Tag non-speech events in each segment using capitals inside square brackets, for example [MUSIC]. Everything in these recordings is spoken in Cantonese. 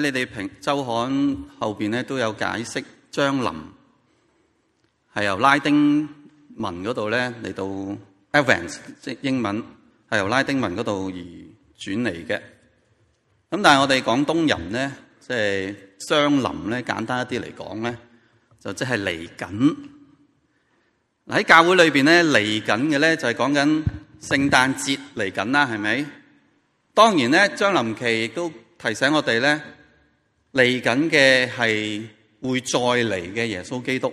你哋平周刊後邊咧都有解釋，將臨係由拉丁文嗰度咧嚟到 Advent 即英文，係由拉丁文嗰度而轉嚟嘅。咁但係我哋廣東人咧，即係將臨咧，簡單一啲嚟講咧，就即係嚟緊。喺教會裏邊咧嚟緊嘅咧，來的就係講緊聖誕節嚟緊啦，係咪？當然咧，將臨期亦都提醒我哋咧。嚟緊嘅係會再嚟嘅耶穌基督，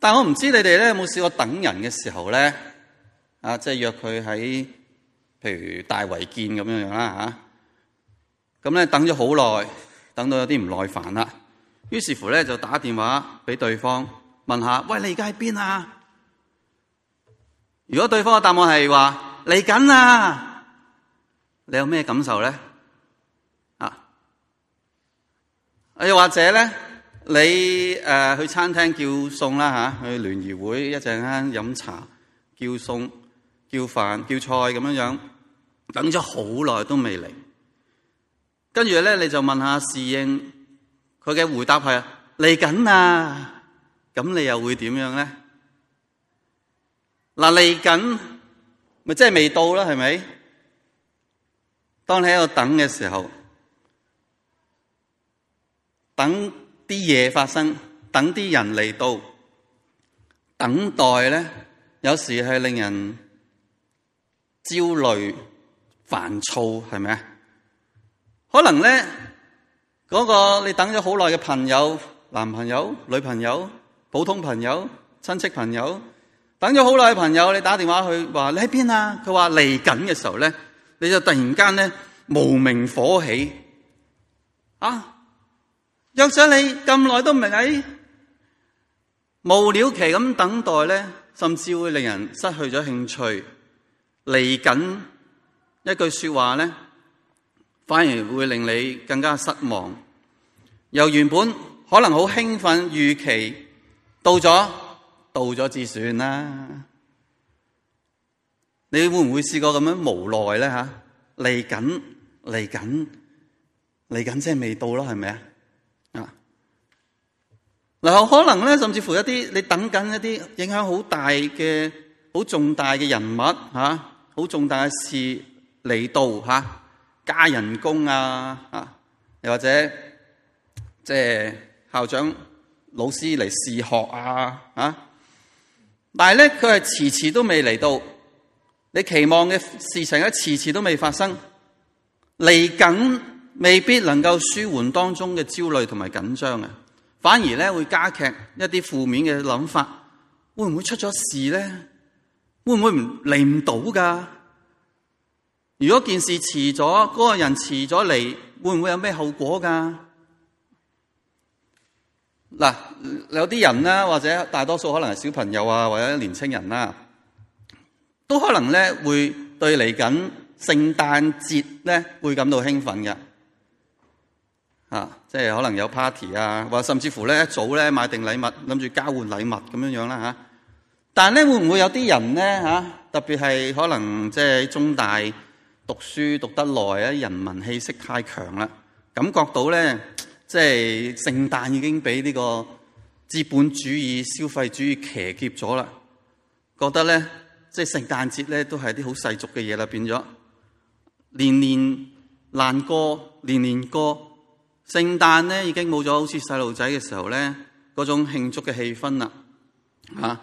但我唔知你哋咧有冇試過等人嘅時候咧，啊，即係約佢喺譬如大圍見咁樣樣啦吓，咁咧等咗好耐，等到有啲唔耐煩啦，於是乎咧就打電話俾對方問下，喂，你而家喺邊啊？如果對方嘅答案係話嚟緊啦，你有咩感受咧？又或者呢，你呃、去餐廳叫餸啦吓，去聯誼會一陣間飲茶叫餸、叫飯、叫菜咁樣樣，等咗好耐都未嚟，跟住咧你就問下侍應，佢嘅回答係嚟緊啊，咁你又會點樣咧？嗱，嚟緊咪即係未到啦，係咪？當你喺度等嘅時候。等啲嘢發生，等啲人嚟到，等待咧，有時係令人焦慮、煩躁，係咪啊？可能咧，嗰個你等咗好耐嘅朋友、男朋友、女朋友、普通朋友、親戚朋友，等咗好耐嘅朋友，你打電話去話你喺邊啊？佢話嚟緊嘅時候咧，你就突然間咧無名火起，啊！約咗你咁耐都唔喺，無了期咁等待咧，甚至會令人失去咗興趣。嚟緊一句說話咧，反而會令你更加失望。由原本可能好興奮預期到，到咗到咗至算啦。你會唔會試過咁樣無奈咧？吓，嚟緊嚟緊嚟緊即係未到囉，係咪啊？然後可能咧，甚至乎一啲你等緊一啲影響好大嘅、好重大嘅人物吓、啊、好重大嘅事嚟到吓、啊，加人工啊啊，又或者即係、就是、校長、老師嚟試學啊啊，但係咧佢係遲遲都未嚟到，你期望嘅事情咧，遲遲都未發生，嚟緊未必能夠舒緩當中嘅焦慮同埋緊張嘅、啊。反而咧會加劇一啲負面嘅諗法，會唔會出咗事咧？會唔會唔嚟唔到㗎？如果件事遲咗，嗰、那個人遲咗嚟，會唔會有咩後果㗎？嗱，有啲人啦，或者大多數可能係小朋友啊，或者年青人啦、啊，都可能咧會對嚟緊聖誕節咧會感到興奮嘅。啊，即係可能有 party 啊，或甚至乎咧一早咧買定禮物，諗住交換禮物咁樣樣啦嚇。但係咧，會唔會有啲人咧嚇？特別係可能即係中大讀書讀得耐，人民氣息太強啦，感覺到咧即係聖誕已經俾呢個資本主義消費主義騎劫咗啦，覺得咧即係聖誕節咧都係啲好世俗嘅嘢啦，變咗年年難過，年年過。聖誕咧已經冇咗好似細路仔嘅時候咧嗰種慶祝嘅氣氛啦，啊，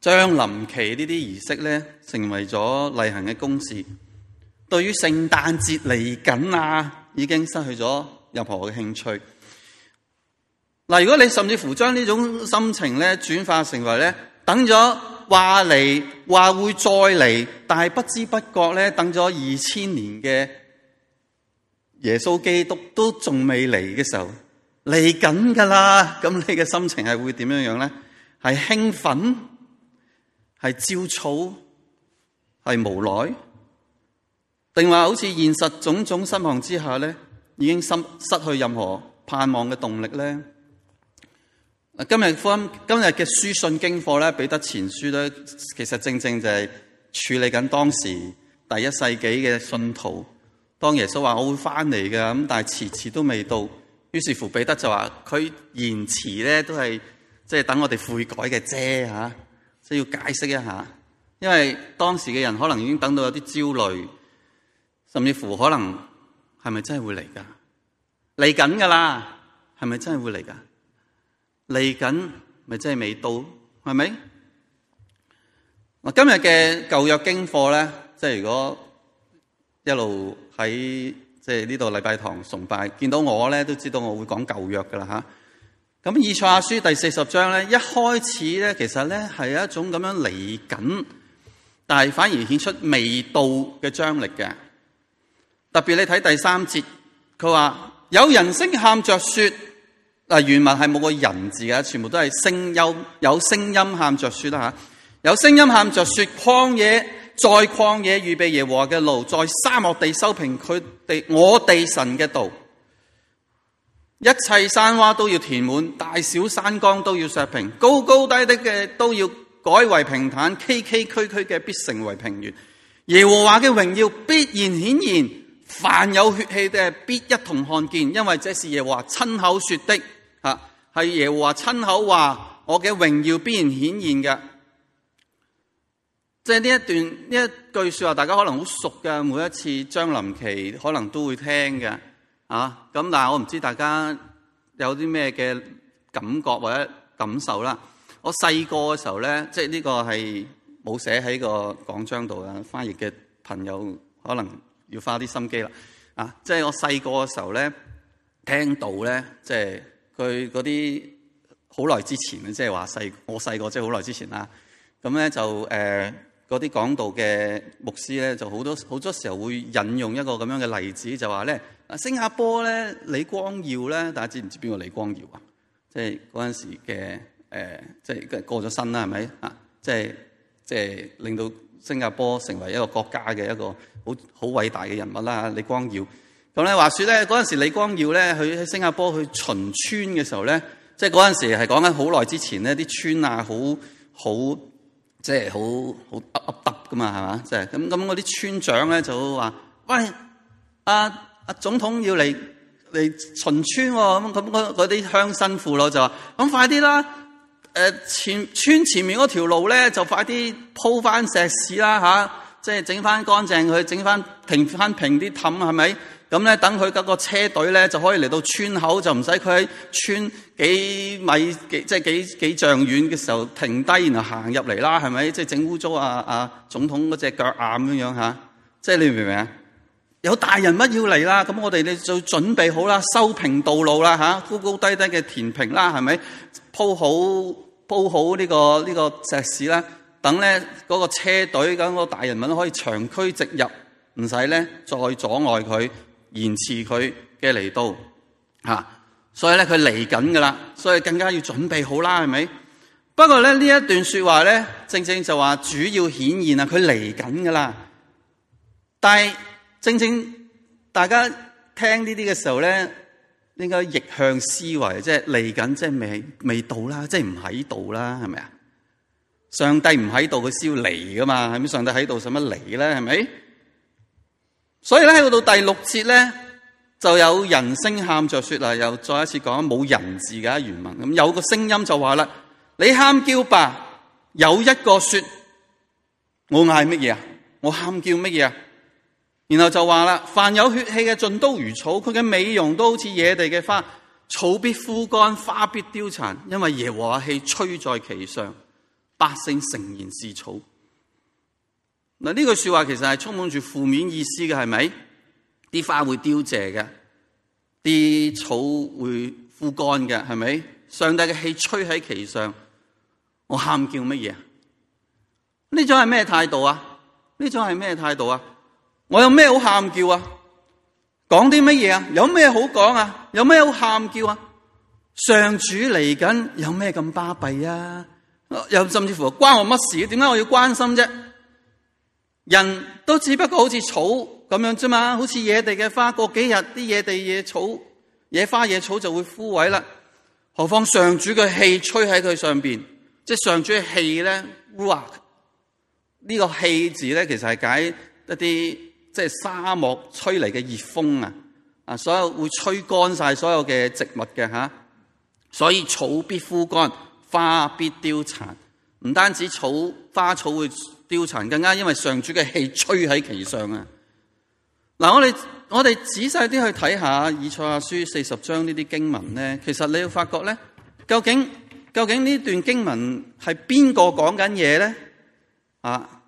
將臨期呢啲儀式咧成為咗例行嘅公事，對於聖誕節嚟緊啊已經失去咗任何嘅興趣。嗱，如果你甚至乎將呢種心情咧轉化成為咧等咗話嚟話會再嚟，但係不知不覺咧等咗二千年嘅，耶穌基督都仲未嚟嘅時候，嚟緊㗎喇！咁你嘅心情係會點樣樣咧？係興奮？係焦躁？係無奈？定話好似現實種種失望之下咧，已經失失去任何盼望嘅動力咧？今日今日嘅書信經課咧，彼得前書咧，其實正正就係處理緊當時第一世紀嘅信徒。當耶穌話我會翻嚟嘅，咁但係遲遲都未到，於是乎彼得就話佢延遲咧都係即係等我哋悔改嘅啫吓，即係、啊、要解釋一下，因為當時嘅人可能已經等到有啲焦慮，甚至乎可能係咪真係會嚟噶？嚟緊噶啦，係咪真係會嚟噶？嚟緊咪真係未到，係咪？我今日嘅舊約經課咧，即係如果一路。喺即係呢度禮拜堂崇拜，見到我咧都知道我會講舊約噶啦吓。咁以賽亞書第四十章咧，一開始咧其實咧係一種咁樣嚟緊，但係反而顯出未到嘅張力嘅。特別你睇第三節，佢話有人聲喊着說，嗱原文係冇個人字嘅，全部都係聲音，有聲音喊着說啦吓，有聲音喊着說曠野在曠野預備耶和華嘅路，在沙漠地修平佢哋我哋神嘅道，一切山窪都要填滿，大小山崗都要削平，高高低低嘅都要改為平坦，崎崎嶇嶇嘅必成為平原。耶和華嘅榮耀必然顯現，凡有血氣嘅必一同看見，因為這是耶和華親口說的，吓係耶和華親口話，我嘅榮耀必然顯現嘅。即係呢一段呢一句説話，大家可能好熟嘅。每一次張林琪可能都會聽嘅啊。咁但係我唔知大家有啲咩嘅感覺或者感受啦。我細個嘅時候咧，即係呢個係冇寫喺個講章度嘅，翻譯嘅朋友可能要花啲心機啦。啊，即係我細個嘅時候咧，聽到咧，即係佢嗰啲好耐之前，即係話細我細個，即係好耐之前啦。咁咧就誒。呃嗰啲講道嘅牧師咧，就好多好多時候會引用一個咁樣嘅例子，就話咧，新加坡咧李光耀咧，大家知唔知邊個李光耀啊？即係嗰陣時嘅誒，即係過咗身啦，係咪啊？即係即係令到新加坡成為一個國家嘅一個好好偉大嘅人物啦，李光耀。咁咧話説咧，嗰陣時李光耀咧，佢喺新加坡去巡村嘅時候咧，即係嗰陣時係講緊好耐之前呢啲村啊好好。很即係好好凹凹凸噶嘛，係嘛？即係咁咁，嗰啲村長咧就話：喂，阿、啊、阿總統要嚟嚟巡村喎、哦，咁咁嗰嗰啲鄉紳父老就話：咁快啲啦，誒、呃、前村前面嗰條路咧就快啲鋪翻石屎啦、啊、即係整翻乾淨佢，整翻平翻平啲氹係咪？咁咧，等佢嗰個車隊咧，就可以嚟到村口，就唔使佢喺村幾米、幾即係幾幾丈遠嘅時候停低，然後行入嚟啦，係咪？即係整污糟啊！啊，總統嗰隻腳硬咁樣吓，即、啊、係、就是、你明唔明啊？有大人物要嚟啦，咁我哋咧就準備好啦，修平道路啦吓、啊，高高低低嘅填平啦，係咪鋪好鋪好呢、呢個呢、呢個石屎啦，等咧嗰個車隊咁個大人物可以長驅直入，唔使咧再阻礙佢。延遲佢嘅嚟到、啊，所以咧佢嚟緊噶啦，所以更加要準備好啦，係咪？不過咧呢一段說話咧，正正就話主要顯現啊，佢嚟緊噶啦。但係正正大家聽呢啲嘅時候咧，應該逆向思維，即係嚟緊，即係未未到啦，即係唔喺度啦，係咪啊？上帝唔喺度，佢先要嚟噶嘛？係咪？上帝喺度，使乜嚟咧？係咪？所以咧喺到第六節咧，就有人聲喊着說啦，又再一次講冇人字嘅原文，咁有個聲音就話啦：你喊叫吧！有一個說，我嗌乜嘢啊？我喊叫乜嘢啊？然後就話啦：凡有血氣嘅，盡都如草，佢嘅美容都好似野地嘅花，草必枯乾，花必凋殘，因為耶和華氣吹在其上，百姓誠然是草。嗱，呢句說話其實係充滿住負面意思嘅，係咪？啲花會凋謝嘅，啲草會枯乾嘅，係咪？上帝嘅氣吹喺其上，我喊叫乜嘢？呢種係咩態度啊？呢種係咩態度啊？我有咩好喊叫啊？講啲乜嘢啊？有咩好講啊？有咩好喊叫啊？上主嚟緊，有咩咁巴閉啊？又甚至乎關我乜事？點解我要關心啫？人都只不過好似草咁樣啫嘛，好似野地嘅花，過幾日啲野地野草，野花，野草就會枯萎啦。何況上主嘅氣吹喺佢上邊，即係上主嘅氣咧，呢個氣字咧，其實係解一啲即係沙漠吹嚟嘅熱風啊，啊，所有會吹乾曬所有嘅植物嘅吓，所以草必枯乾，花必凋殘，唔單止草花草會。凋殘更加，因為上主嘅氣吹喺其上啊！嗱，我哋我哋仔細啲去睇下以賽亞書四十章呢啲經文咧，其實你要發覺咧，究竟究竟呢段經文係邊個講緊嘢咧？啊，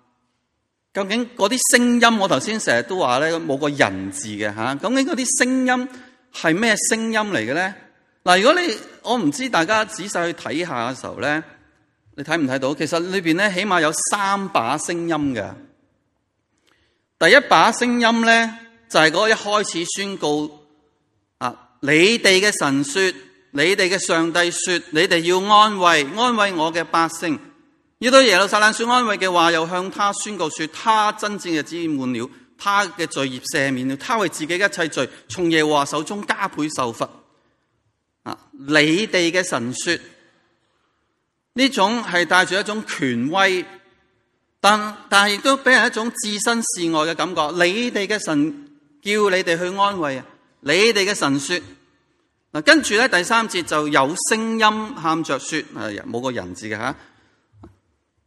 究竟嗰啲聲音，我頭先成日都話咧冇個人字嘅吓，啊，究竟嗰啲聲音係咩聲音嚟嘅咧？嗱，如果你我唔知大家仔細去睇下嘅時候咧。你睇唔睇到？其實裏邊咧起碼有三把聲音嘅。第一把聲音咧就係、是、嗰一開始宣告啊，你哋嘅神說，你哋嘅上帝說，你哋要安慰，安慰我嘅百姓。要對耶路撒冷說安慰嘅話，又向他宣告說，他真正嘅日子滿了，他嘅罪孽赦免了，他為自己一切罪，從耶和華手中加倍受罰。啊，你哋嘅神說。呢種係帶住一種權威，但但係亦都俾人一種置身事外嘅感覺。你哋嘅神叫你哋去安慰啊！你哋嘅神說嗱，跟住咧第三節就有聲音喊着說，冇個人字嘅吓，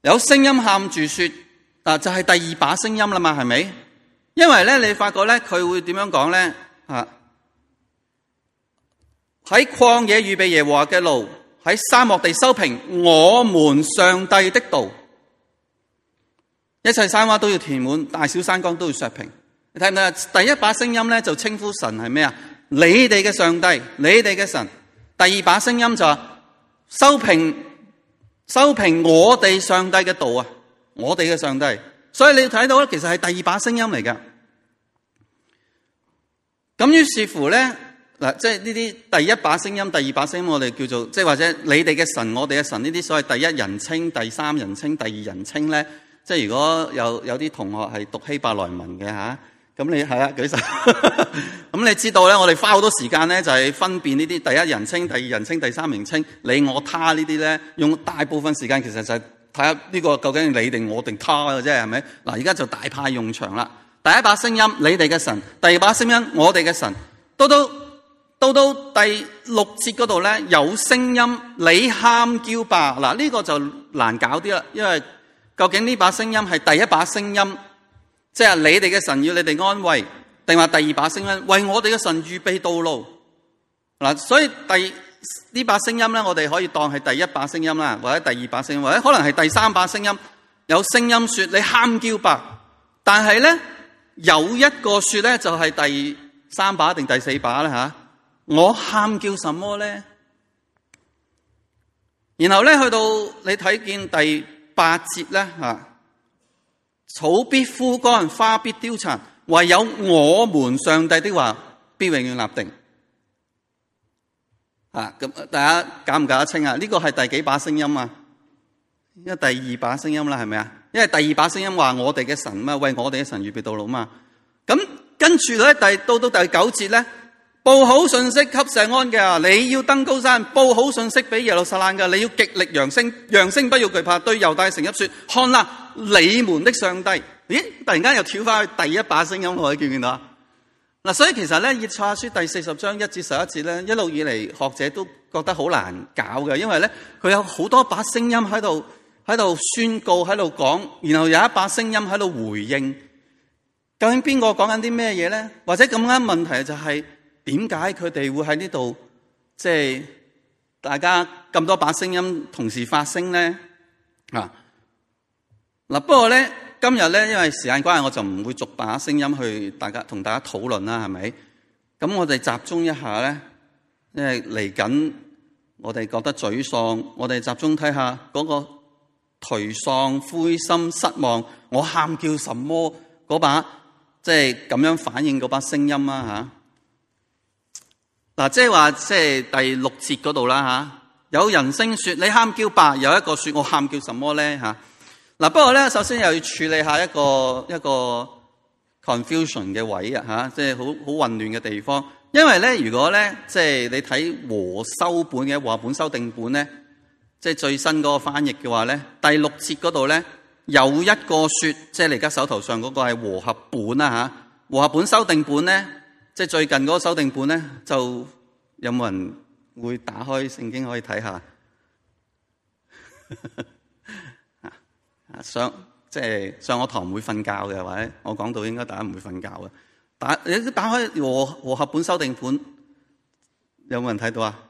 有聲音喊住說嗱，就係、是、第二把聲音啦嘛，係咪？因為咧，你發覺咧，佢會點樣講咧？啊，喺曠野預備耶和華嘅路。喺沙漠地修平我們上帝的道，一切山窪都要填滿，大小山崗都要削平。你睇唔睇啊？第一把聲音咧就稱呼神係咩啊？你哋嘅上帝，你哋嘅神。第二把聲音就話修平，修平我哋上帝嘅道啊，我哋嘅上帝。所以你睇到咧，其實係第二把聲音嚟㗎。咁於是乎咧。嗱，即係呢啲第一把聲音，第二把聲音，我哋叫做即係或者你哋嘅神，我哋嘅神呢啲所謂第一人稱、第三人稱、第二人稱咧，即係如果有有啲同學係讀希伯來文嘅嚇，咁、啊、你係啊舉手，咁 [LAUGHS] 你知道咧，我哋花好多時間咧就係、是、分辨呢啲第一人稱、第二人稱、第三人稱，你我他這些呢啲咧，用大部分時間其實就係睇下呢個究竟你定我定他嘅啫，係咪？嗱，而家就大派用場啦。第一把聲音，你哋嘅神；第二把聲音，我哋嘅神。都都。到到第六節嗰度咧，有聲音，你喊叫吧嗱。呢個就難搞啲啦，因為究竟呢把聲音係第一把聲音，即係你哋嘅神要你哋安慰，定話第二把聲音為我哋嘅神預備道路嗱。所以第呢把聲音咧，我哋可以當係第一把聲音啦，或者第二把聲音，或者可能係第三把聲音。有聲音說你喊叫吧，但係咧有一個說咧就係第三把定第四把啦嚇我喊叫什麼咧？然後咧去到你睇見第八節咧吓，草必枯乾，花必凋殘，唯有我們上帝的話必永遠立定。吓咁，大家搞唔搞得清啊？呢個係第幾把聲音啊？依家第二把聲音啦，係咪啊？因為第二把聲音話我哋嘅神嘛，為我哋嘅神預備道路嘛。咁跟住咧，第到到第九節咧。報好信息給錫安嘅，你要登高山，報好信息俾耶路撒冷嘅，你要極力揚聲，揚聲不要懼怕，對猶大城邑說：看啦，你們的上帝！咦，突然間又跳翻去第一把聲音，我哋見唔見到啊？嗱，所以其實咧，以賽亞書第四十章一至十一節咧，一路以嚟學者都覺得好難搞嘅，因為咧佢有好多把聲音喺度喺度宣告，喺度講，然後有一把聲音喺度回應。究竟邊個講緊啲咩嘢咧？或者咁啱問題就係、是？點解佢哋會喺呢度？即係大家咁多把聲音同時發聲咧啊！嗱，不過咧今日咧，因為時間關係，我就唔會逐把聲音去大家同大家討論啦，係咪？咁我哋集中一下咧，因為嚟緊我哋覺得沮喪，我哋集中睇下嗰個頹喪、灰心、失望，我喊叫什麼嗰把，即係咁樣反映嗰把聲音啊！吓～嗱，即係話即係第六節嗰度啦吓，有人聲說你喊叫吧，有一個說我喊叫什麼咧吓。嗱，不過咧，首先又要處理一下一個一個 confusion 嘅位啊吓，即係好好混亂嘅地方。因為咧，如果咧即係你睇和修本嘅和本修訂本咧，即係最新嗰個翻譯嘅話咧，第六節嗰度咧有一個說，即係你而家手頭上嗰個係和合本啦吓，和合本修訂本咧。即係最近嗰個修訂本呢，就有冇人會打開聖經可以睇下？ [LAUGHS] 上即、就是、上我堂唔會瞓覺嘅，或者我講到應該大家唔會瞓覺啊！打你打開和和合本修訂本，有冇人睇到啊？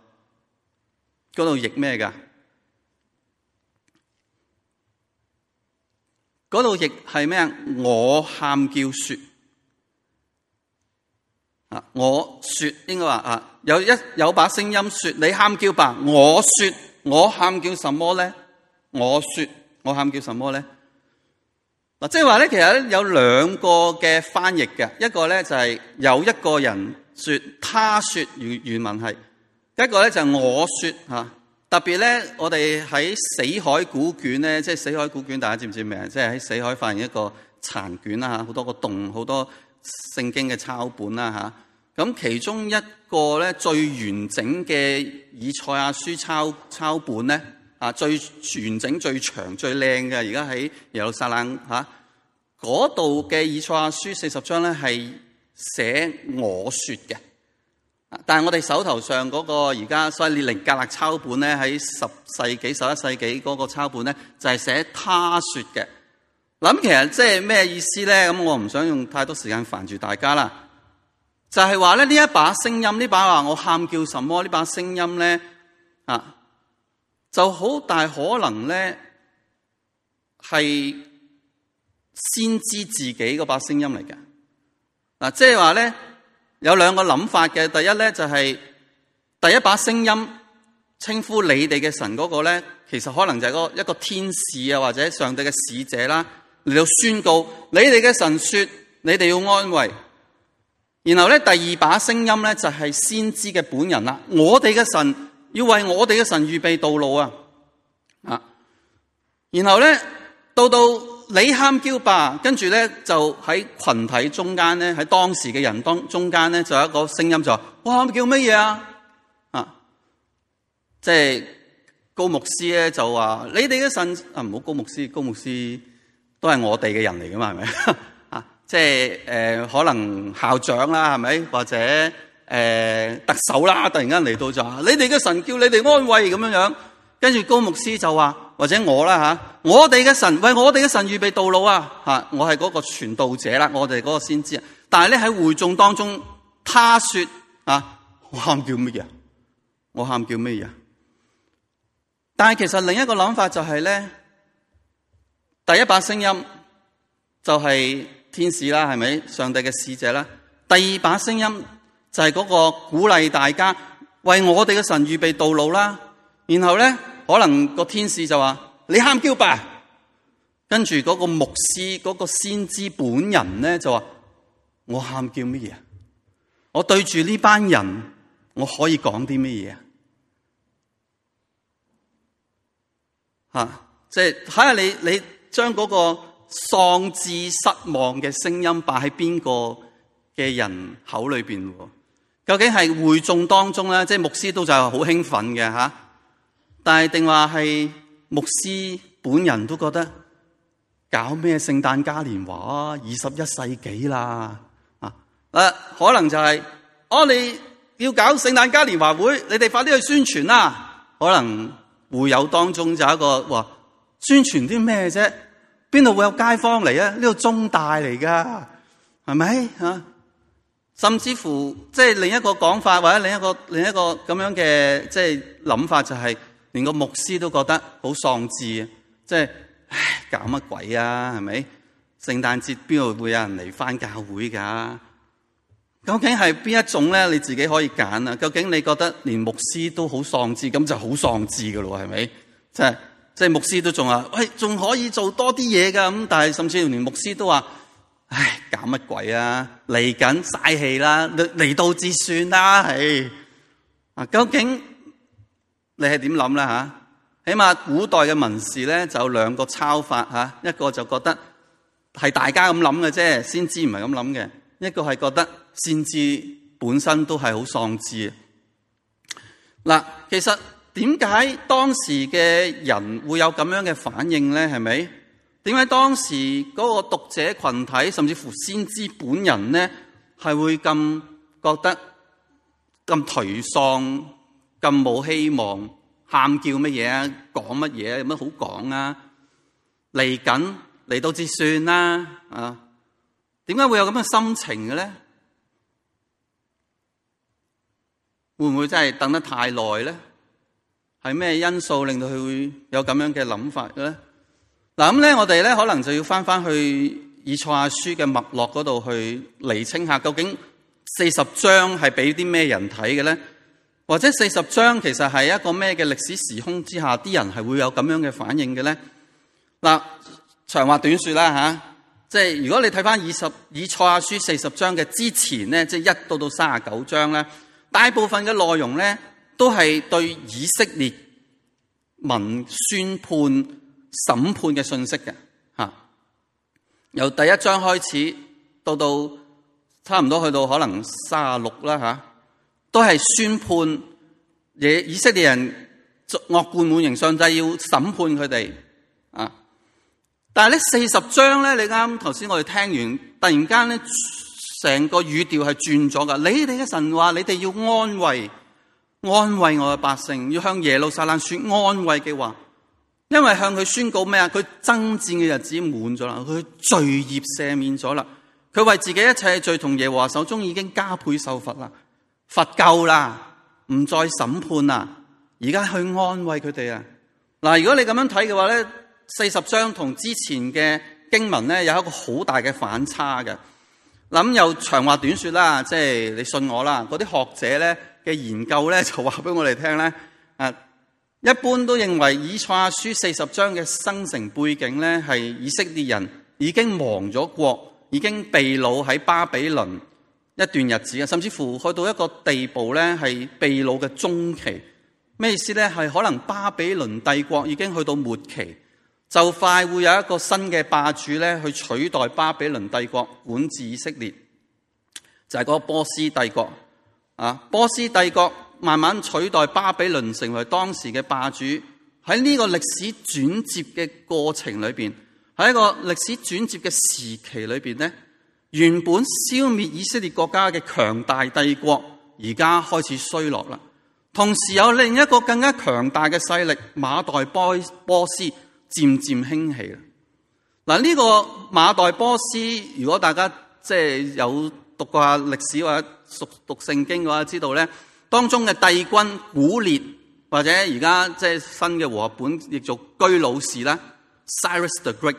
嗰度譯咩㗎？嗰度譯係咩啊？我喊叫雪。我說應該話啊，有一有把聲音說你喊叫吧。我說我喊叫什麼呢？我說我喊叫什麼呢？嗱，即係話咧，其實咧有兩個嘅翻譯嘅，一個咧就係有一個人說，他說原文係，一個咧就係我說吓。特別咧，我哋喺死海古卷咧，即係死海古卷，大家知唔知咩？即係喺死海發現一個殘卷啦吓，好多個洞，好多。聖經嘅抄本啦嚇，咁其中一個咧最完整嘅以賽亞書抄抄本咧，啊最完整最長最靚嘅，而家喺耶路撒冷嚇，嗰度嘅以賽亞書四十章咧係寫我説嘅，但係我哋手頭上嗰個而家所謂列寧格勒抄本咧喺十世紀十一世紀嗰個抄本咧就係寫他説嘅。諗其實即係咩意思咧？咁我唔想用太多時間煩住大家啦。說就係話咧，呢一把聲音，呢把話，我喊叫什麼？呢把聲音咧啊，就好大可能咧係先知自己嗰把聲音嚟嘅。嗱，即係話咧，有兩個諗法嘅。第一咧就係第一把聲音稱呼你哋嘅神嗰個咧，其實可能就係一個天使啊，或者上帝嘅使者啦。嚟到宣告你哋嘅神說，你哋要安慰。然後咧，第二把聲音咧就係先知嘅本人啦。我哋嘅神要為我哋嘅神預備道路啊！啊，然後咧到到你喊叫吧，跟住咧就喺群體中間咧，喺當時嘅人當中間咧，就有一個聲音就話：哇，喊叫乜嘢啊？啊，即係高牧師咧就話：你哋嘅神啊，唔好高牧師，高牧師。都係我哋嘅人嚟噶嘛，係咪啊？即係誒、呃，可能校長啦，係咪？或者誒、呃、特首啦，突然間嚟到就，你哋嘅神叫你哋安慰咁樣樣。跟住高牧師就話，或者我啦吓、啊，我哋嘅神為我哋嘅神預備道路啊！吓、啊，我係嗰個傳道者啦，我哋嗰個先知。但係咧喺會眾當中，他說啊，我喊叫乜嘢？我喊叫乜嘢？但係其實另一個諗法就係、是、咧。第一把聲音就係天使啦，係咪？上帝嘅使者啦。第二把聲音就係嗰個鼓勵大家為我哋嘅神預備道路啦。然後咧，可能個天使就話：你喊叫吧。跟住嗰個牧師、嗰、嗰個先知本人咧就話：我喊叫乜嘢？我對住呢班人，我可以講啲乜嘢啊？吓、即係，即係睇下你你。你將嗰個喪志失望嘅聲音擺喺邊個嘅人口裏邊？究竟係會眾當中咧，即係牧師都就好興奮嘅吓。但係定話係牧師本人都覺得搞咩聖誕嘉年華啊？二十一世紀啦啊，嗱，可能就係、是、我哋、哦、你要搞聖誕嘉年華會，你哋快啲去宣傳啦。可能會友當中就有一個話宣傳啲咩啫？邊度會有街坊嚟啊？呢度中大嚟噶，係咪嚇？甚至乎即係、就是、另一個講法，或者另一個另一個咁樣嘅即係諗法，就係、是就是、連個牧師都覺得好喪志，即、就、係、是、唉搞乜鬼啊？係咪聖誕節邊度會有人嚟返教會㗎？究竟係邊一種咧？你自己可以揀啊。究竟你覺得連牧師都好喪志，咁就好喪志㗎咯？係咪即係？就是即係牧師都仲話，喂，仲可以做多啲嘢噶咁，但係甚至連牧師都話，唉，搞乜鬼啊？嚟緊嘥氣啦，嚟到至算啦，啊，唉，啊，究竟你係點諗咧吓？起碼古代嘅文士咧就有兩個抄法吓，一個就覺得係大家咁諗嘅啫，先知唔係咁諗嘅；一個係覺得先知本身都係好喪志。嗱，其實。點解當時嘅人會有咁樣嘅反應咧？係咪？點解當時嗰個讀者群體，甚至乎先知本人咧，係會咁覺得咁頹喪、咁冇希望、喊，叫乜嘢啊？講乜嘢啊？有乜好講啊？嚟緊，嚟到至算啦啊？點解會有咁嘅心情嘅咧？會唔會真係等得太耐咧？係咩因素令到佢會有咁樣嘅諗法嘅咧？嗱，咁咧，我哋咧可能就要翻翻去以賽亞書嘅脈絡嗰度去釐清下，究竟四十章係俾啲咩人睇嘅咧？或者四十章其實係一個咩嘅歷史時空之下，啲人係會有咁樣嘅反應嘅咧？嗱，長話短說啦吓，即係如果你睇翻二十以賽亞書四十章嘅之前咧，即係一到到卅九章咧，大部分嘅內容咧。都係對以色列民宣判審判嘅信息嘅吓，由第一章開始到到差唔多去到可能卅六啦吓，都係宣判嘢以色列人惡貫滿盈，上帝要審判佢哋啊。但係呢四十章咧，你啱頭先我哋聽完，突然間咧成個語調係轉咗噶你哋嘅神話，你哋要安慰。安慰我嘅百姓，要向耶路撒冷說安慰嘅話，因為向佢宣告咩啊？佢爭戰嘅日子滿咗啦，佢罪孽赦免咗啦，佢為自己一切罪同耶和華手中已經加倍受罰啦，罰夠啦，唔再審判啦，而家去安慰佢哋啊！嗱，如果你咁樣睇嘅話咧，四十章同之前嘅經文咧有一個好大嘅反差嘅。咁又長話短說啦，即係你信我啦，嗰啲學者咧，嘅研究咧就話俾我哋聽咧，誒一般都認為以賽亞書四十章嘅生成背景咧係以色列人已經亡咗國，已經被擄喺巴比倫一段日子啊，甚至乎去到一個地步咧係被擄嘅中期。咩意思咧？係可能巴比倫帝國已經去到末期，就快會有一個新嘅霸主咧去取代巴比倫帝國管治以色列，就係個波斯帝國。啊！波斯帝國慢慢取代巴比倫成為當時嘅霸主，喺呢個歷史轉接嘅過程裏邊，喺一個歷史轉接嘅時期裏邊呢，原本消滅以色列國家嘅強大帝國，而家開始衰落啦。同時有另一個更加強大嘅勢力馬代波波斯漸漸興起啦。嗱，呢個馬代波斯，如果大家即係有讀過下歷史或者，熟讀聖經嘅話，知道咧當中嘅帝君古列或者而家即係新嘅和合本，叫做居魯士咧。Cyrus the Great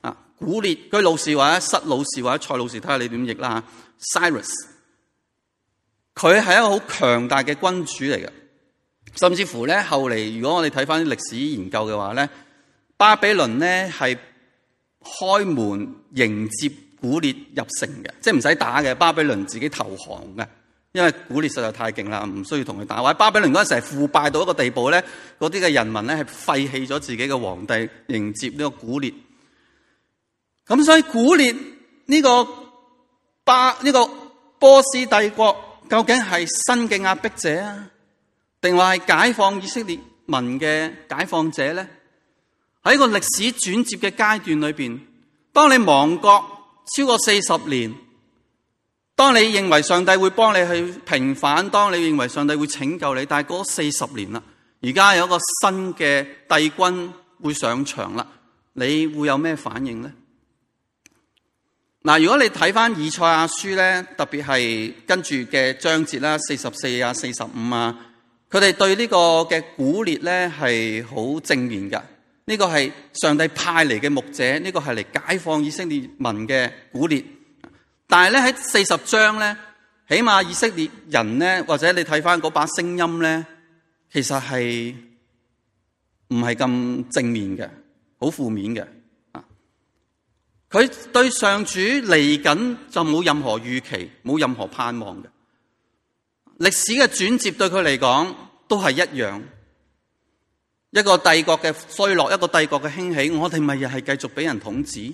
啊，古列居魯士或者塞魯士或者蔡魯士，睇下你點譯啦嚇。Cyrus 佢係一個好強大嘅君主嚟嘅，甚至乎咧後嚟，如果我哋睇翻啲歷史研究嘅話咧，巴比倫咧係開門迎接。古列入城嘅，即係唔使打嘅。巴比倫自己投降嘅，因為古列實在太勁啦，唔需要同佢打。喺巴比倫嗰陣時，腐敗到一個地步咧，嗰啲嘅人民咧係廢棄咗自己嘅皇帝，迎接呢個古列。咁所以古列呢個巴呢個波斯帝國，究竟係新嘅壓迫者啊，定話係解放以色列民嘅解放者咧？喺個歷史轉折嘅階段裏邊，當你亡國超過四十年，當你認為上帝會幫你去平反，當你認為上帝會拯救你，但係過四十年啦，而家有一個新嘅帝君會上場啦，你會有咩反應咧？嗱，如果你睇翻以賽亞書咧，特別係跟住嘅章節啦，四十四啊、四十五啊，佢哋對呢個嘅古列咧係好正面嘅。呢、這個係上帝派嚟嘅牧者。呢、這個係嚟解放以色列民嘅古列。但係咧，喺四十章咧，起碼以色列人咧，或者你睇翻嗰把聲音咧，其實係唔係咁正面嘅，好負面嘅。佢對上主嚟緊就冇任何預期，冇任何盼望嘅。歷史嘅轉折對佢嚟講都係一樣。一個帝國嘅衰落，一個帝國嘅興起，我哋咪又係繼續俾人統治？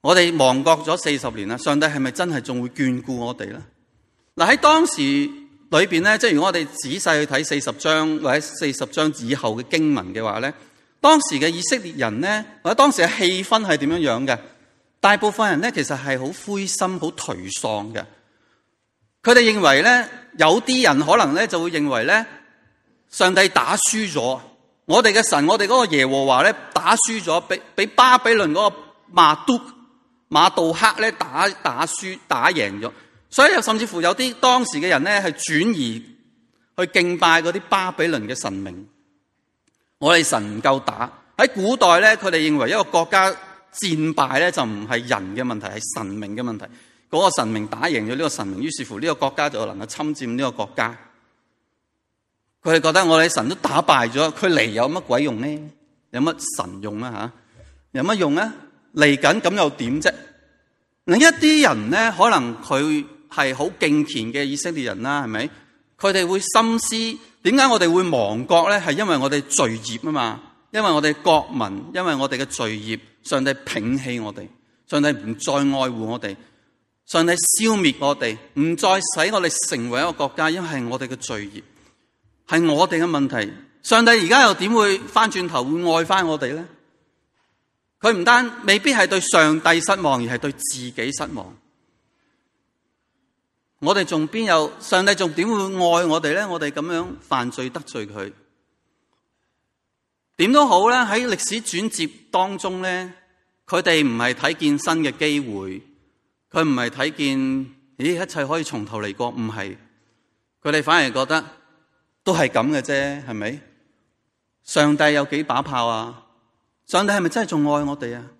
我哋亡國咗四十年啦，上帝係咪真係仲會眷顧我哋咧？嗱，喺當時裏邊咧，即係如果我哋仔細去睇四十章或者四十章以後嘅經文嘅話咧，當時嘅以色列人咧，或者當時嘅氣氛係點樣樣嘅？大部分人咧其實係好灰心、好頹喪嘅。佢哋認為咧，有啲人可能咧就會認為咧。上帝打輸咗，我哋嘅神，我哋嗰個耶和華咧打輸咗，俾俾巴比倫嗰個馬督馬杜克咧打打輸打贏咗，所以甚至乎有啲當時嘅人咧係轉移去敬拜嗰啲巴比倫嘅神明。我哋神唔夠打。喺古代咧，佢哋認為一個國家戰敗咧就唔係人嘅問題，係神明嘅問題。嗰個神明打贏咗呢個神明，於是乎呢個國家就能夠侵佔呢個國家。佢哋覺得我哋神都打敗咗，佢嚟有乜鬼用呢？有乜神用啊？嚇，有乜用啊？嚟緊咁又點啫？另一啲人咧，可能佢係好敬虔嘅以色列人啦，係咪？佢哋會深思點解我哋會亡國咧？係因為我哋罪孽啊嘛！因為我哋國民，因為我哋嘅罪孽。上帝摒棄我哋，上帝唔再愛護我哋，上帝消滅我哋，唔再使我哋成為一個國家，因為係我哋嘅罪孽。係我哋嘅問題，上帝而家又點會翻轉頭會愛翻我哋咧？佢唔單未必係對上帝失望，而係對自己失望。我哋仲邊有上帝仲點會愛我哋咧？我哋咁樣犯罪得罪佢，點都好啦。喺歷史轉折當中咧，佢哋唔係睇見新嘅機會，佢唔係睇見咦，一切可以從頭嚟過，唔係佢哋反而覺得。都係咁嘅啫，係咪？上帝有幾把炮啊？上帝係咪真係仲愛我哋啊？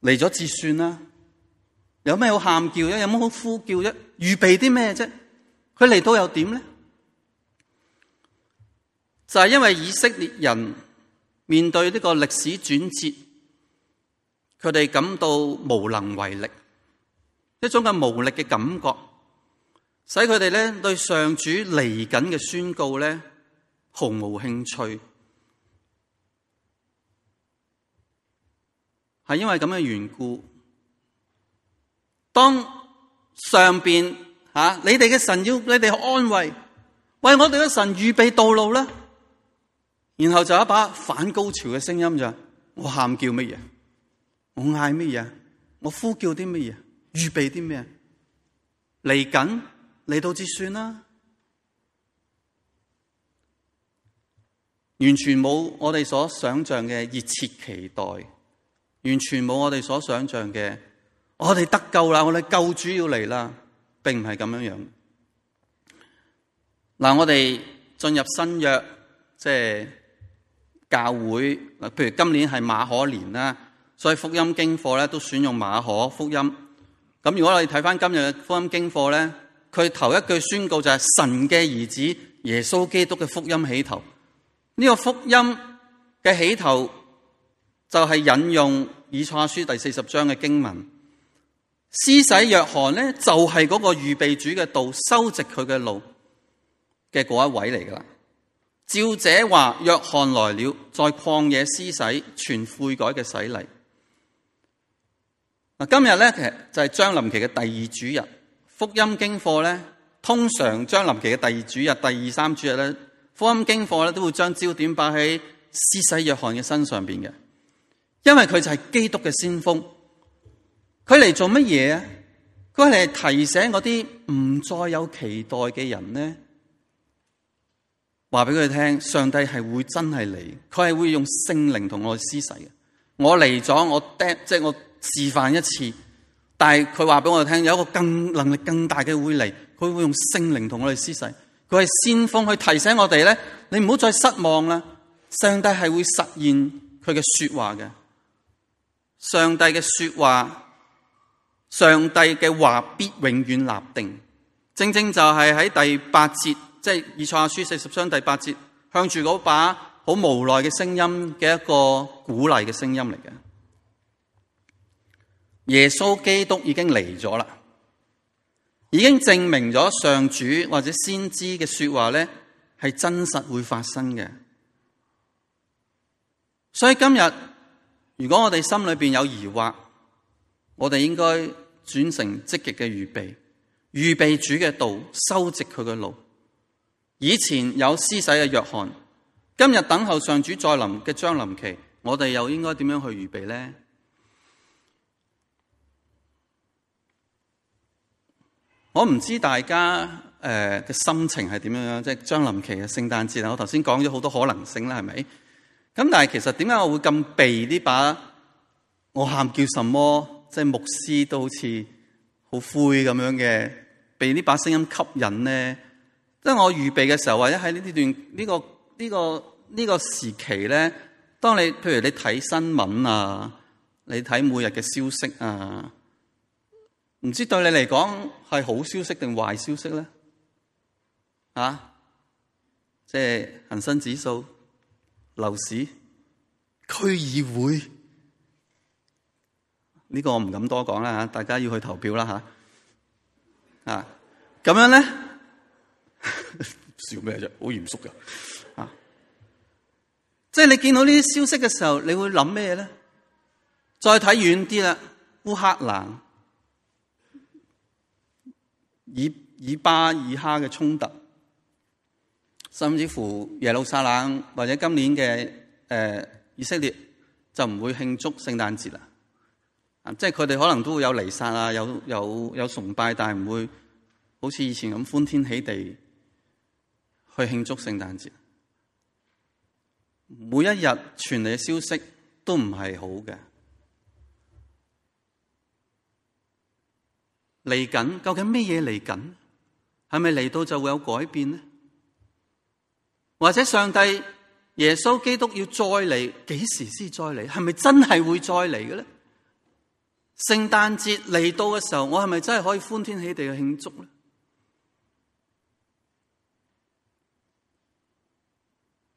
嚟咗至算啦，有咩好喊叫啫？有冇好呼叫啫？預備啲咩啫？佢嚟到又點咧？就係因為以色列人面對呢個歷史轉折，佢哋感到無能為力，一種嘅無力嘅感覺。使佢哋咧對上主嚟緊嘅宣告咧毫無興趣，係因為咁嘅緣故。當上邊吓你哋嘅神要你哋安慰喂，為我哋嘅神預備道路啦，然後就有一把反高潮嘅聲音就：我喊叫乜嘢？我嗌乜嘢？我呼叫啲乜嘢？預備啲咩？嚟緊？嚟到就算啦，完全冇我哋所想象嘅熱切期待，完全冇我哋所想象嘅，我哋得救啦，我哋救主要嚟啦，並唔係咁樣樣。嗱，我哋進入新約，即係教會，譬如今年係馬可年啦，所以福音經課都選用馬可福音。如果我哋睇返今日嘅福音經課呢？佢頭一句宣告就係神嘅兒子耶穌基督嘅福音起頭，呢個福音嘅起頭就係引用以賽亞書第四十章嘅經文，施洗約翰咧就係、是、嗰個預備主嘅道，修直佢嘅路嘅嗰一位嚟噶啦。照者話，約翰來了，在曠野施洗，全悔改嘅洗禮。嗱，今日咧其實就係將臨期嘅第二主日。福音經課咧，通常將臨期嘅第二主日、第二三主日咧，福音經課咧都會將焦點擺喺施洗約翰嘅身上邊嘅，因為佢就係基督嘅先鋒。佢嚟做乜嘢啊？佢嚟提醒嗰啲唔再有期待嘅人咧，話俾佢聽，上帝係會真係嚟，佢係會用聖靈同我施洗嘅。我嚟咗，我 drop，即係我示範一次。但係佢話俾我哋聽，有一個更能力更大嘅會嚟，佢會用聖靈同我哋施洗。佢係先鋒去提醒我哋咧，你唔好再失望啦，上帝係會實現佢嘅說話嘅。上帝嘅說話，上帝嘅話必永遠立定。正正就係喺第八節，即係以賽亞書四十章第八節，向住嗰把好無奈嘅聲音嘅一個鼓勵嘅聲音嚟嘅。耶穌基督已經嚟咗啦，已經證明咗上主或者先知嘅說話呢係真實會發生嘅。所以今日如果我哋心裏邊有疑惑，我哋應該轉成積極嘅預備，預備主嘅道，修直佢嘅路。以前有施洗嘅約翰，今日等候上主再臨嘅將臨期，我哋又應該點樣去預備呢？我唔知大家誒嘅心情係點樣，即係將臨期嘅聖誕節啊！我頭先講咗好多可能性啦，係咪？咁但係其實點解我會咁被呢把我喊叫什麼，即係牧師都好似好灰咁樣嘅，被呢把聲音吸引咧？即係我預備嘅時候，或者喺呢段呢、呢個呢、呢個呢、呢個時期咧，當你譬如你睇新聞啊，你睇每日嘅消息啊。唔知對你嚟講係好消息定壞消息咧？啊，即係恆生指數、樓市、區議會呢個我唔敢多講啦吓，大家要去投票啦吓。啊，咁樣咧，笑咩啫？好嚴肅噶啊！即係你見到呢啲消息嘅時候，你會諗咩咧？再睇遠啲啦，烏克蘭。以以巴以哈嘅衝突，甚至乎耶路撒冷或者今年嘅、呃、以色列就唔會慶祝聖誕節啦啊，即係佢哋可能都會有彌撒啊，有有有崇拜，但係唔會好似以前咁歡天喜地去慶祝聖誕節。每一日傳嚟嘅消息都唔係好嘅。嚟緊，究竟乜嘢嚟緊？係咪嚟到就會有改變呢？或者上帝、耶穌基督要再嚟，幾時先再嚟？係咪真係會再嚟嘅咧？聖誕節嚟到嘅時候，我係咪真係可以歡天喜地去慶祝呢？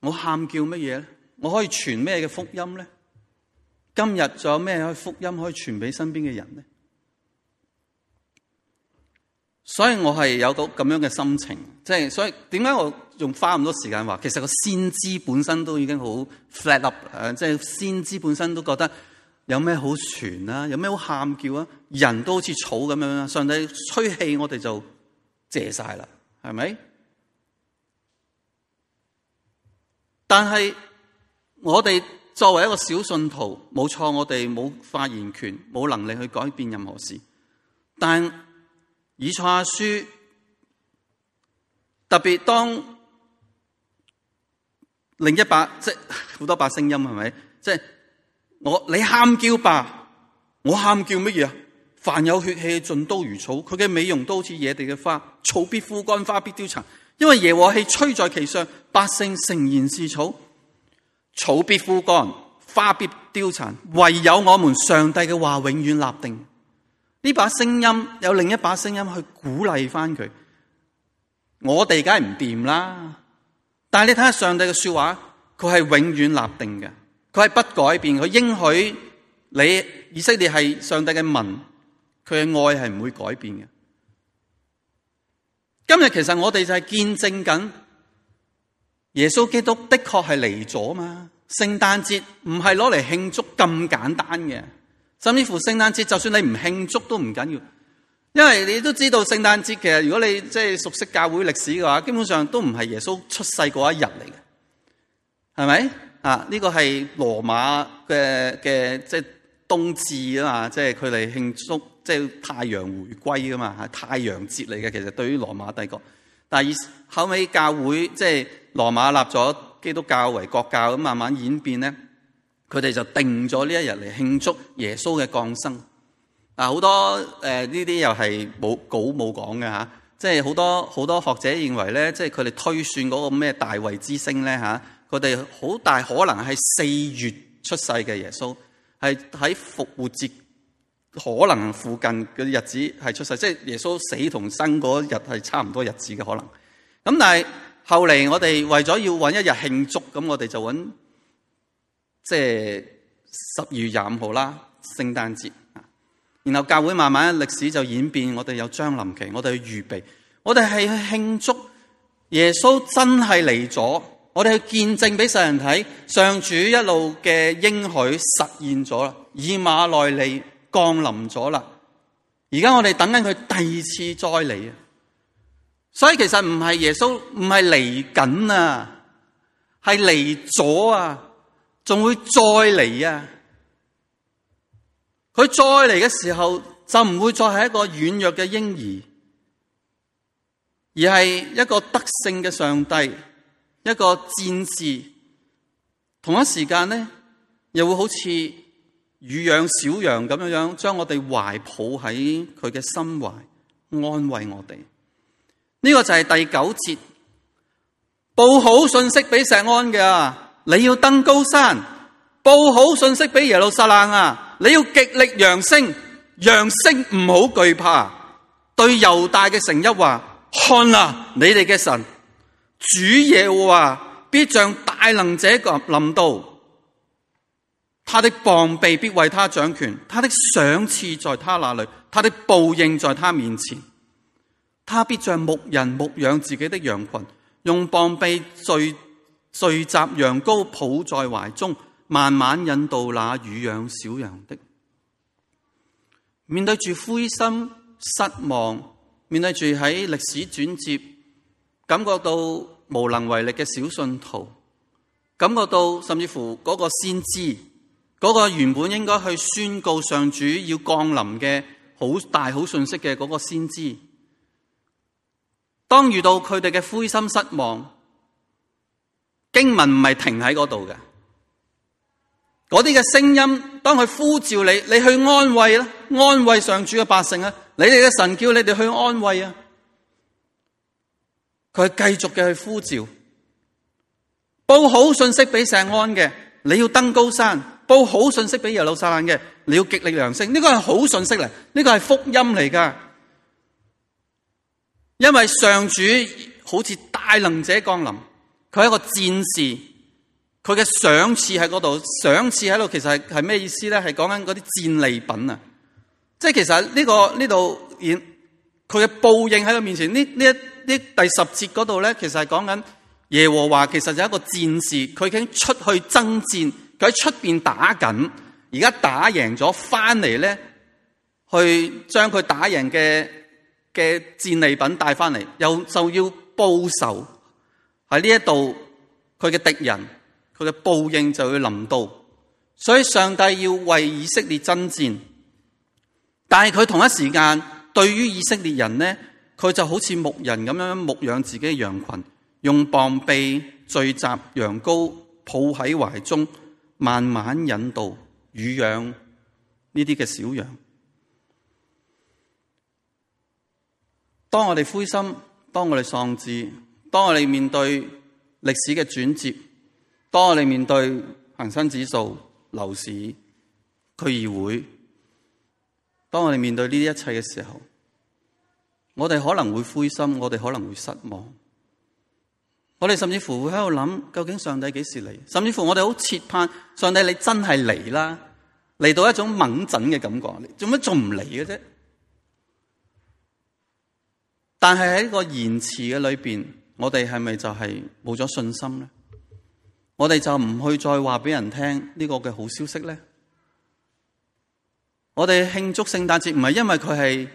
我喊叫乜嘢咧？我可以傳咩嘅福音咧？今日仲有咩福音可以傳俾身邊嘅人呢？所以我係有個咁樣嘅心情，即係所以點解我仲花咁多時間話？其實個先知本身都已經好 flat up，誒，即係先知本身都覺得有咩好傳啊，有咩好喊叫啊？人都好似草咁樣啊。上帝吹氣，我哋就謝晒啦，係咪？但係我哋作為一個小信徒，冇錯，我哋冇發言權，冇能力去改變任何事，但以賽亞書，特別當另一把，即係好多把聲音係咪？即係我你喊叫吧，我喊叫乜嘢？凡有血氣，盡都如草。佢嘅美容都好似野地嘅花，草必枯乾，花必凋殘。因為耶和氣吹在其上，百姓誠然是草，草必枯乾，花必凋殘。唯有我們上帝嘅話永遠立定。呢把聲音有另一把聲音去鼓勵翻佢，我哋梗係唔掂啦。但係你睇下上帝嘅說話，佢係永遠立定嘅，佢係不改變，佢應許你以色列係上帝嘅民，佢嘅愛係唔會改變嘅。今日其實我哋就係見證緊耶穌基督的確係嚟咗嘛，聖誕節唔係攞嚟慶祝咁簡單嘅。甚至乎聖誕節，就算你唔慶祝都唔緊要，因為你都知道聖誕節其實，如果你即係熟悉教會歷史嘅話，基本上都唔係耶穌出世嗰一日嚟嘅，係咪啊？呢個係羅馬嘅嘅即係冬至啊嘛，即係佢哋慶祝即係、即係、太陽回歸啊嘛，太陽節嚟嘅。其實對於羅馬帝國，但係後尾教會即係羅馬立咗基督教為國教咁，慢慢演變咧，佢哋就定咗呢一日嚟慶祝耶穌嘅降生。啊，好多誒呢啲又係冇稿冇講嘅嚇，即係好多好多學者認為咧，即係佢哋推算嗰個咩大衛之星咧嚇，佢哋好大可能係四月出世嘅耶穌，係喺復活節可能附近嘅日子係出世，即係耶穌死同生嗰日係差唔多日子嘅可能。咁但係後嚟我哋為咗要搵一日慶祝，咁我哋就搵。即係十二月廿五號啦，聖誕節。然後教會慢慢歷史就演變，我哋有將臨期，我哋去預備，我哋係去慶祝耶穌真係嚟咗，我哋去見證俾世人睇，上主一路嘅應許實現咗啦，以馬內利降臨咗啦。而家我哋等緊佢第二次再嚟啊！所以其實唔係耶穌唔係嚟緊啊，係嚟咗啊！仲會再嚟啊！佢再嚟嘅時候就唔會再係一個軟弱嘅嬰兒，而係一個得勝嘅上帝，一個戰士。同一時間呢，又會好似乳養小羊咁樣樣，將我哋懷抱喺佢嘅心懷，安慰我哋。呢、這個就係第九節，報好信息俾錫安嘅。你要登高山，報好信息俾耶路撒冷啊！你要極力揚聲，揚聲唔好懼怕。對猶大嘅城邑話，看啊，你哋嘅神主耶和華必像大能者臨到，他的膀臂必為他掌權，他的賞賜在他那裏，他的報應在他面前。他必像牧人牧養自己的羊群，用膀臂最聚集羊羔抱在懷中，慢慢引導那乳養小羊的。面對住灰心失望，面對住喺歷史轉折，感覺到無能為力嘅小信徒，感覺到甚至乎嗰個先知，嗰、嗰個原本應該去宣告上主要降臨嘅好大好信息嘅嗰個先知，當遇到佢哋嘅灰心失望。.經文唔係停喺嗰度嘅，嗰啲嘅聲音當佢呼召你，你去安慰啦，安慰上主嘅百姓啦，你哋嘅神叫你哋去安慰啊，佢繼續嘅去呼召，報好信息俾錫安嘅，你要登高山，報好信息俾耶路撒冷嘅，你要極力揚聲，呢個係好信息嚟，呢個係福音嚟噶，因為上主好似大能者降臨。佢係一個戰士，佢嘅賞賜喺嗰度，賞賜喺度，其實係咩意思咧？係講緊嗰啲戰利品啊！即係其實呢個呢度演佢嘅報應喺佢面前。呢呢一呢第十節嗰度咧，其實係講緊耶和華其實就係一個戰士，佢已經出去征戰，佢喺出邊打緊，而家打贏咗翻嚟咧，去將佢打贏嘅嘅戰利品帶翻嚟，又就要報仇。喺呢一度，佢嘅敵人，佢嘅報應就會臨到，所以上帝要為以色列爭戰，但係佢同一時間對於以色列人呢，佢就好似牧人咁樣牧養自己嘅羊群，用膀臂聚集羊羔，抱喺懷中，慢慢引導、乳養呢啲嘅小羊。當我哋灰心，當我哋喪志。當我哋面對歷史嘅轉折，當我哋面對恆生指數、樓市、區議會，當我哋面對呢啲一切嘅時候，我哋可能會灰心，我哋可能會失望，我哋甚至乎會喺度諗：究竟上帝幾時嚟？甚至乎我哋好切盼上帝你真係嚟啦，嚟到一種猛震嘅感覺。你做乜仲唔嚟嘅啫？但係喺個延遲嘅裏邊。我哋係咪就係冇咗信心呢？我哋就唔去再話俾人聽呢個嘅好消息呢？我哋慶祝聖誕節唔係因為佢係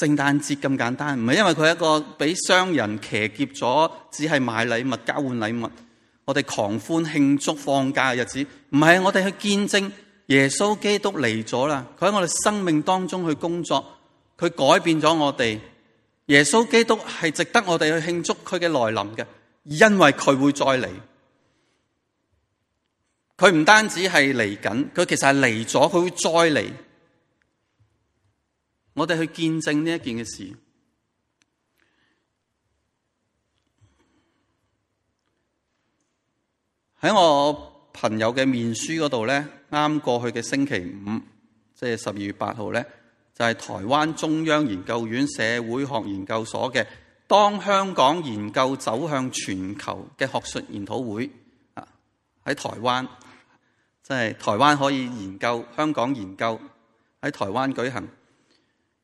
聖誕節咁簡單，唔係因為佢係一個俾商人騎劫咗，只係買禮物交換禮物，我哋狂歡慶祝放假嘅日子，唔係我哋去見證耶穌基督嚟咗啦，佢喺我哋生命當中去工作，佢改變咗我哋。耶穌基督係值得我哋去慶祝佢嘅來臨嘅，因為佢會再嚟。佢唔單止係嚟緊，佢其實係嚟咗，佢會再嚟。我哋去見證呢一件嘅事。喺我朋友嘅面書嗰度呢，啱過去嘅星期五，即、係十二月八號呢就係、是、台灣中央研究院社會學研究所嘅當香港研究走向全球嘅學術研討會啊，喺台灣即係、就是、台灣可以研究香港研究喺台灣舉行。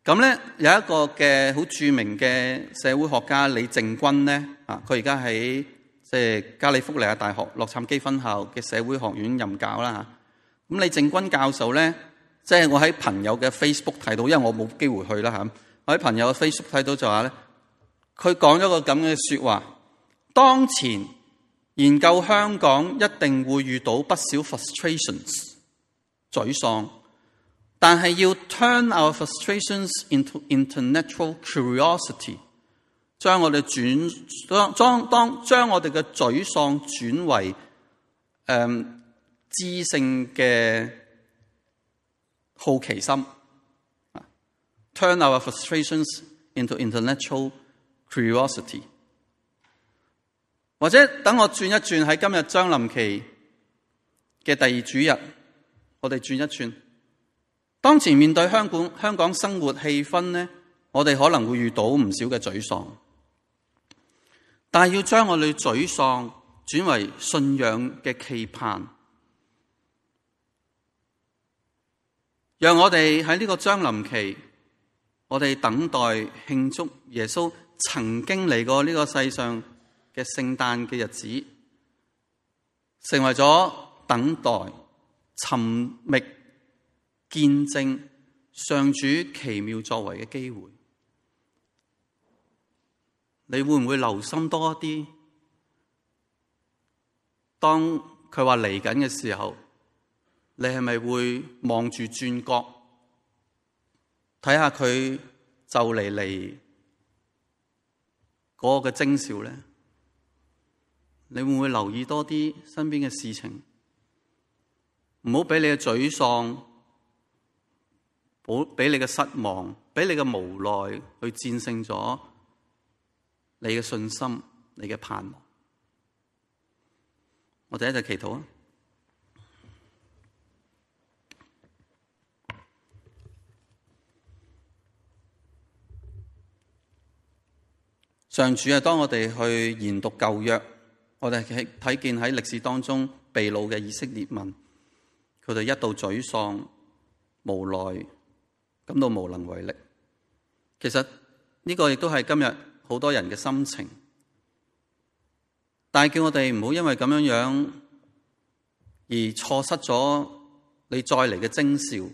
咁咧有一個嘅好著名嘅社會學家李靜君咧啊，佢而家喺即係加利福尼亞大學洛杉磯分校嘅社會學院任教啦嚇。咁李靜君教授咧。即、就、係、是、我喺朋友嘅 Facebook 睇到，因為我冇機會去啦吓。我喺朋友嘅 Facebook 睇到就話咧，佢講咗個咁嘅説話：當前研究香港一定會遇到不少 frustrations，沮喪。但係要 turn our frustrations into intellectual curiosity，將我哋轉將將當我哋嘅沮喪轉為嗯、知性嘅好奇心，turn our frustrations into intellectual curiosity。或者等我轉一轉喺今日將臨期嘅第二主日，我哋轉一轉。當前面對香港香港生活氣氛呢，我哋可能會遇到唔少嘅沮喪，但係要將我哋嘅沮喪轉為信仰嘅期盼。讓我們在這個將臨期，我們等待慶祝耶穌曾經來過這個世上的聖誕的日子，成為了等待、尋覓、見證上主奇妙作為的機會。你會不會留心多一點，當他說嚟緊的時候？你係咪會望住轉角，睇下佢就嚟嚟嗰個嘅徵兆呢？你會唔會留意多啲身邊嘅事情？唔好畀你嘅沮喪，好畀你嘅失望，畀你嘅無奈去戰勝咗你嘅信心、你嘅盼望。我哋一齊祈禱。上主啊，當我哋去研讀舊約，我哋睇見喺歷史當中被擄嘅以色列民，佢哋一度沮喪、無奈，感到無能為力。其實呢個亦都係今日好多人嘅心情，但係叫我哋唔好因為咁樣樣而錯失咗你再嚟嘅徵兆，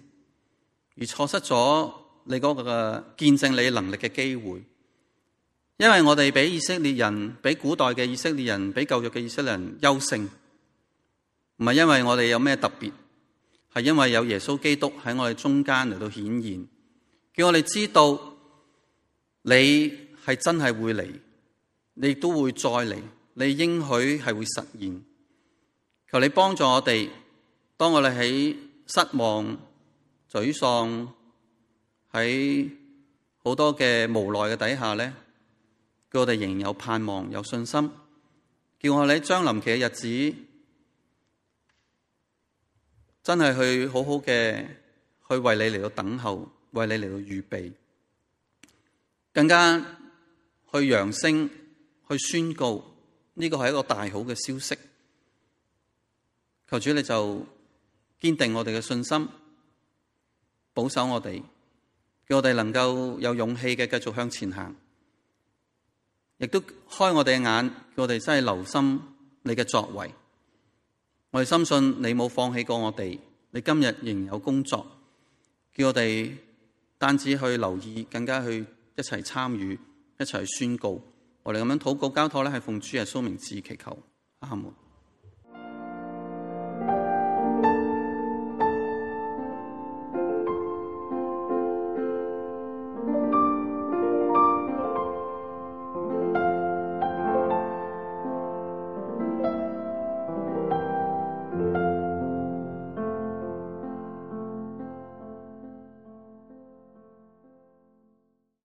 而錯失咗你嗰個嘅見證你能力嘅機會。因為我哋比以色列人，比古代嘅以色列人，比舊約嘅以色列人優勝，唔係因為我哋有咩特別，係因為有耶穌基督喺我哋中間嚟到顯現，叫我哋知道你係真係會嚟，你亦都會再嚟，你應許係會實現。求你幫助我哋，當我哋喺失望、沮喪、喺好多嘅無奈嘅底下咧。我哋仍有盼望，有信心。叫我哋喺將臨期嘅日子，真係去好好嘅去為你嚟到等候，為你嚟到預備，更加去揚聲去宣告呢個係一個大好嘅消息。求主，你就堅定我哋嘅信心，保守我哋，叫我哋能夠有勇氣嘅繼續向前行。亦都開我哋嘅眼，叫我哋真係留心你嘅作為。我哋深信你冇放棄過我哋，你今日仍有工作，叫我哋單止去留意，更加去一齊參與，一齊宣告。我哋咁樣禱告交託咧，係奉主耶穌名字祈求，阿